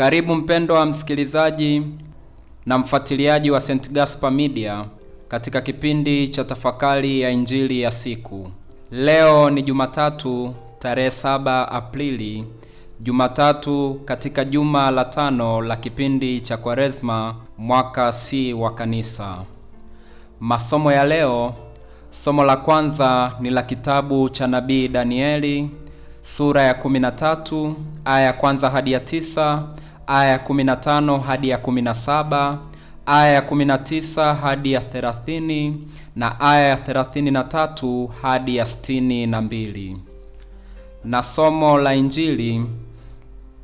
Karibu mpendwa msikilizaji na mfuatiliaji wa St. Gaspar Media katika kipindi cha tafakari ya injili ya siku. Leo ni Jumatatu tarehe 7 Aprili, Jumatatu katika juma la tano la kipindi cha Kwaresma mwaka C wa Kanisa. Masomo ya leo, somo la kwanza ni la kitabu cha nabii Danieli sura ya 13 aya ya kwanza hadi ya tisa aya ya 15 hadi ya 17, aya ya 19 hadi ya 30 na aya ya 33 hadi ya 62. Na somo la Injili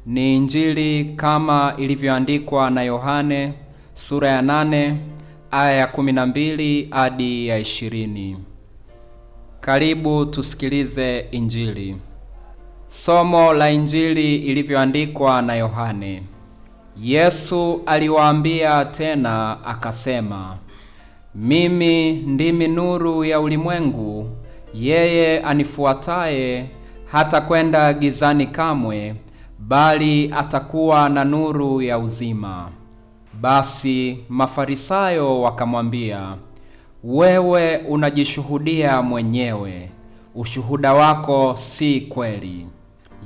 ni Injili kama ilivyoandikwa na Yohane sura ya 8 aya ya 12 hadi ya 20. Karibu tusikilize Injili. Somo la Injili ilivyoandikwa na Yohane. Yesu aliwaambia tena akasema, mimi ndimi nuru ya ulimwengu, yeye anifuataye hata kwenda gizani kamwe, bali atakuwa na nuru ya uzima. Basi Mafarisayo wakamwambia, wewe unajishuhudia mwenyewe, ushuhuda wako si kweli.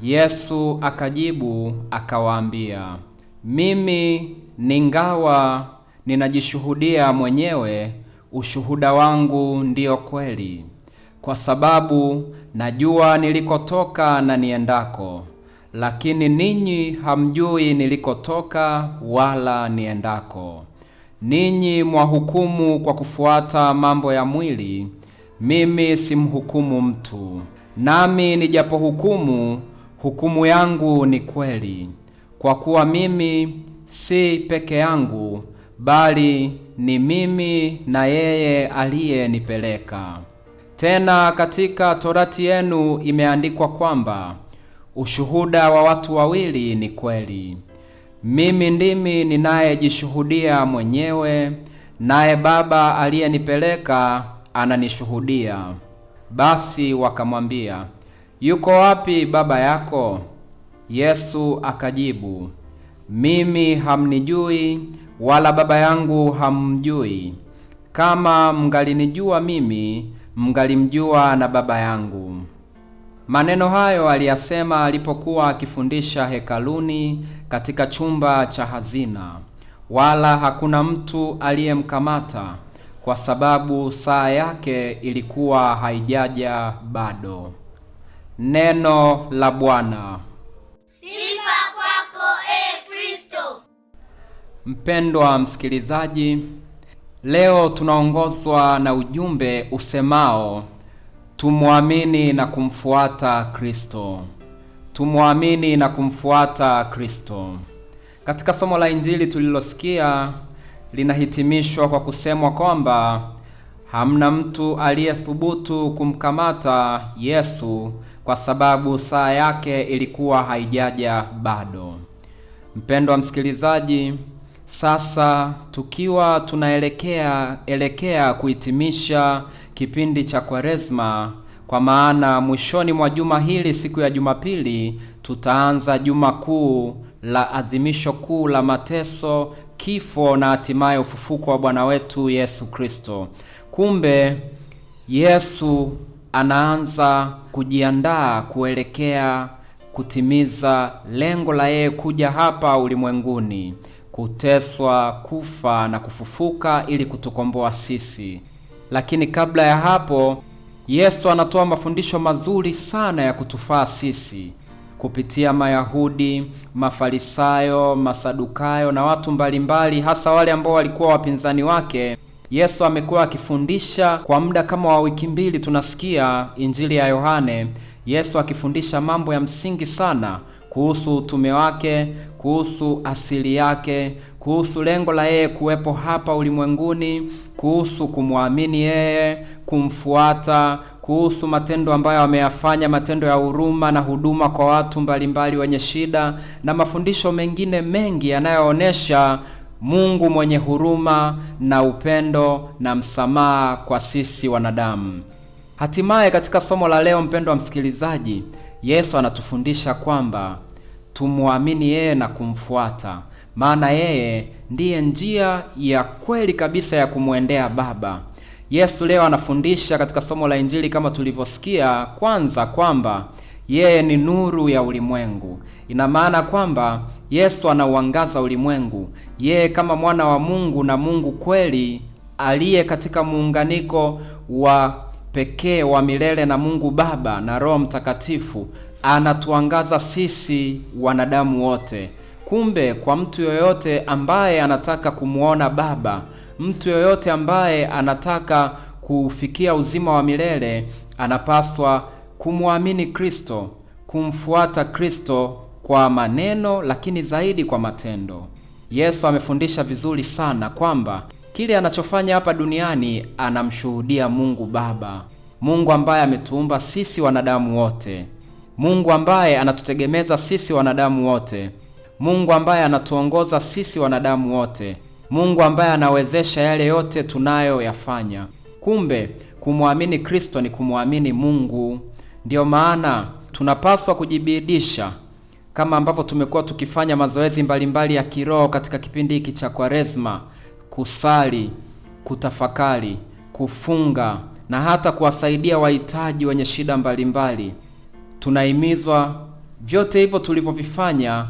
Yesu akajibu akawaambia mimi ningawa ninajishuhudia mwenyewe, ushuhuda wangu ndiyo kweli, kwa sababu najua nilikotoka na niendako, lakini ninyi hamjui nilikotoka wala niendako. Ninyi mwahukumu kwa kufuata mambo ya mwili, mimi simhukumu mtu. Nami nijapohukumu, hukumu yangu ni kweli, kwa kuwa mimi si peke yangu, bali ni mimi na yeye aliyenipeleka. Tena katika Torati yenu imeandikwa kwamba ushuhuda wa watu wawili ni kweli. Mimi ndimi ninayejishuhudia mwenyewe, naye Baba aliyenipeleka ananishuhudia. Basi wakamwambia, yuko wapi baba yako? Yesu akajibu, mimi hamnijui wala Baba yangu hamjui. Kama mngalinijua mimi, mngalimjua na Baba yangu. Maneno hayo aliyasema alipokuwa akifundisha hekaluni katika chumba cha hazina, wala hakuna mtu aliyemkamata kwa sababu saa yake ilikuwa haijaja bado. Neno la Bwana. Mpendwa msikilizaji, leo tunaongozwa na ujumbe usemao tumwamini na kumfuata Kristo. Tumwamini na kumfuata Kristo. Katika somo la Injili tulilosikia linahitimishwa kwa kusemwa kwamba hamna mtu aliyethubutu kumkamata Yesu kwa sababu saa yake ilikuwa haijaja bado. Mpendwa msikilizaji, sasa tukiwa tunaelekea elekea kuhitimisha kipindi cha Kwaresma, kwa maana mwishoni mwa juma hili, siku ya Jumapili, tutaanza juma kuu la adhimisho kuu la mateso, kifo na hatimaye ufufuko wa Bwana wetu Yesu Kristo. Kumbe Yesu anaanza kujiandaa kuelekea kutimiza lengo la yeye kuja hapa ulimwenguni kuteswa, kufa na kufufuka ili kutukomboa sisi. Lakini kabla ya hapo, Yesu anatoa mafundisho mazuri sana ya kutufaa sisi kupitia Mayahudi, Mafarisayo, Masadukayo na watu mbalimbali mbali, hasa wale ambao walikuwa wapinzani wake. Yesu amekuwa akifundisha kwa muda kama wa wiki mbili, tunasikia Injili ya Yohane, Yesu akifundisha mambo ya msingi sana kuhusu utume wake, kuhusu asili yake, kuhusu lengo la yeye kuwepo hapa ulimwenguni, kuhusu kumwamini yeye, kumfuata, kuhusu matendo ambayo ameyafanya, matendo ya huruma na huduma kwa watu mbalimbali wenye shida, na mafundisho mengine mengi yanayoonesha Mungu mwenye huruma na upendo na msamaha kwa sisi wanadamu. Hatimaye katika somo la leo, mpendwa msikilizaji, Yesu anatufundisha kwamba tumwamini yeye na kumfuata, maana yeye ndiye njia ya kweli kabisa ya kumwendea Baba. Yesu leo anafundisha katika somo la Injili kama tulivyosikia kwanza kwamba yeye ni nuru ya ulimwengu. Ina maana kwamba Yesu anauangaza ulimwengu, yeye kama mwana wa Mungu na Mungu kweli aliye katika muunganiko wa pekee wa milele na Mungu Baba na Roho Mtakatifu anatuangaza sisi wanadamu wote. Kumbe kwa mtu yoyote ambaye anataka kumwona Baba, mtu yoyote ambaye anataka kufikia uzima wa milele anapaswa kumwamini Kristo, kumfuata Kristo kwa maneno, lakini zaidi kwa matendo. Yesu amefundisha vizuri sana kwamba Kile anachofanya hapa duniani anamshuhudia Mungu Baba, Mungu ambaye ametuumba sisi wanadamu wote, Mungu ambaye anatutegemeza sisi wanadamu wote, Mungu ambaye anatuongoza sisi wanadamu wote, Mungu ambaye anawezesha yale yote tunayoyafanya. Kumbe kumwamini Kristo ni kumwamini Mungu. Ndiyo maana tunapaswa kujibidisha kama ambavyo tumekuwa tukifanya mazoezi mbalimbali ya kiroho katika kipindi hiki cha Kwaresma kusali, kutafakari, kufunga na hata kuwasaidia wahitaji wenye shida mbalimbali. Tunahimizwa vyote hivyo tulivyovifanya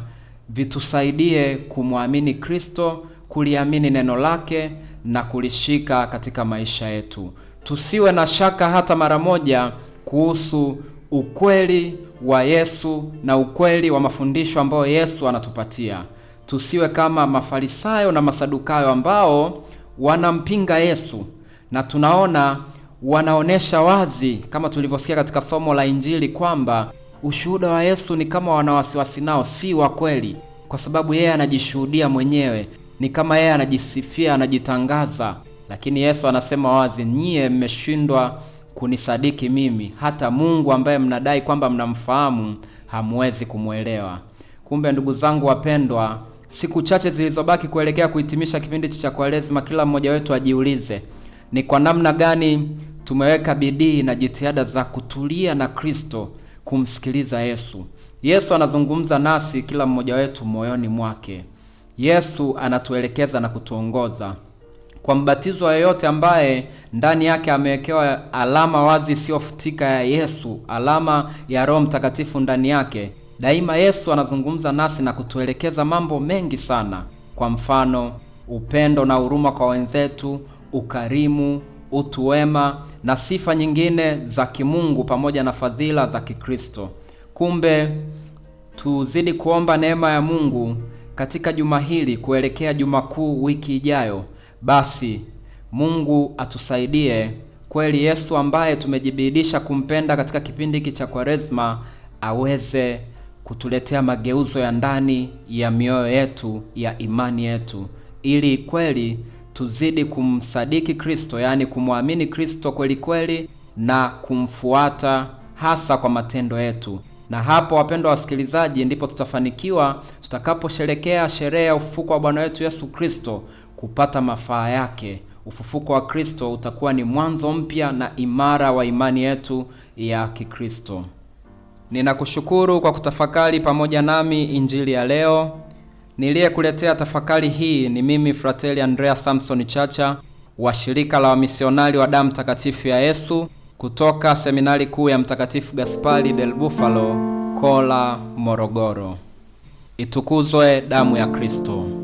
vitusaidie kumwamini Kristo, kuliamini neno lake na kulishika katika maisha yetu. Tusiwe na shaka hata mara moja kuhusu ukweli wa Yesu na ukweli wa mafundisho ambayo Yesu anatupatia tusiwe kama Mafarisayo na Masadukayo ambao wanampinga Yesu na tunaona wanaonesha wazi kama tulivyosikia katika somo la Injili kwamba ushuhuda wa Yesu ni kama wanawasiwasi nao, si wa kweli, kwa sababu yeye anajishuhudia mwenyewe, ni kama yeye anajisifia, anajitangaza. Lakini Yesu anasema wazi, nyie mmeshindwa kunisadiki mimi, hata Mungu ambaye mnadai kwamba mnamfahamu hamwezi kumwelewa. Kumbe ndugu zangu wapendwa, Siku chache zilizobaki kuelekea kuhitimisha kipindi cha Kwaresma, kila mmoja wetu ajiulize ni kwa namna gani tumeweka bidii na jitihada za kutulia na Kristo, kumsikiliza Yesu. Yesu anazungumza nasi kila mmoja wetu moyoni mwake. Yesu anatuelekeza na kutuongoza kwa mbatizo yeyote ambaye ndani yake amewekewa alama wazi isiyofutika ya Yesu, alama ya Roho Mtakatifu ndani yake, Daima Yesu anazungumza nasi na kutuelekeza mambo mengi sana, kwa mfano upendo na huruma kwa wenzetu, ukarimu, utu wema na sifa nyingine za kimungu pamoja na fadhila za Kikristo. Kumbe tuzidi kuomba neema ya Mungu katika juma hili kuelekea Juma Kuu wiki ijayo. Basi Mungu atusaidie kweli Yesu ambaye tumejibidisha kumpenda katika kipindi hiki cha Kwaresma aweze kutuletea mageuzo ya ndani ya mioyo yetu ya imani yetu, ili kweli tuzidi kumsadiki Kristo, yaani kumwamini Kristo kweli kweli na kumfuata hasa kwa matendo yetu. Na hapo, wapendwa wasikilizaji, ndipo tutafanikiwa tutakaposherekea sherehe ya ufufuko wa Bwana wetu Yesu Kristo kupata mafaa yake. Ufufuko wa Kristo utakuwa ni mwanzo mpya na imara wa imani yetu ya Kikristo. Ninakushukuru kwa kutafakari pamoja nami injili ya leo. Niliyekuletea tafakari hii ni mimi Frateli Andrea Samson Chacha wa shirika la wamisionari wa damu takatifu ya Yesu kutoka seminari kuu ya Mtakatifu Gaspari del Bufalo, Kola, Morogoro. Itukuzwe damu ya Kristo!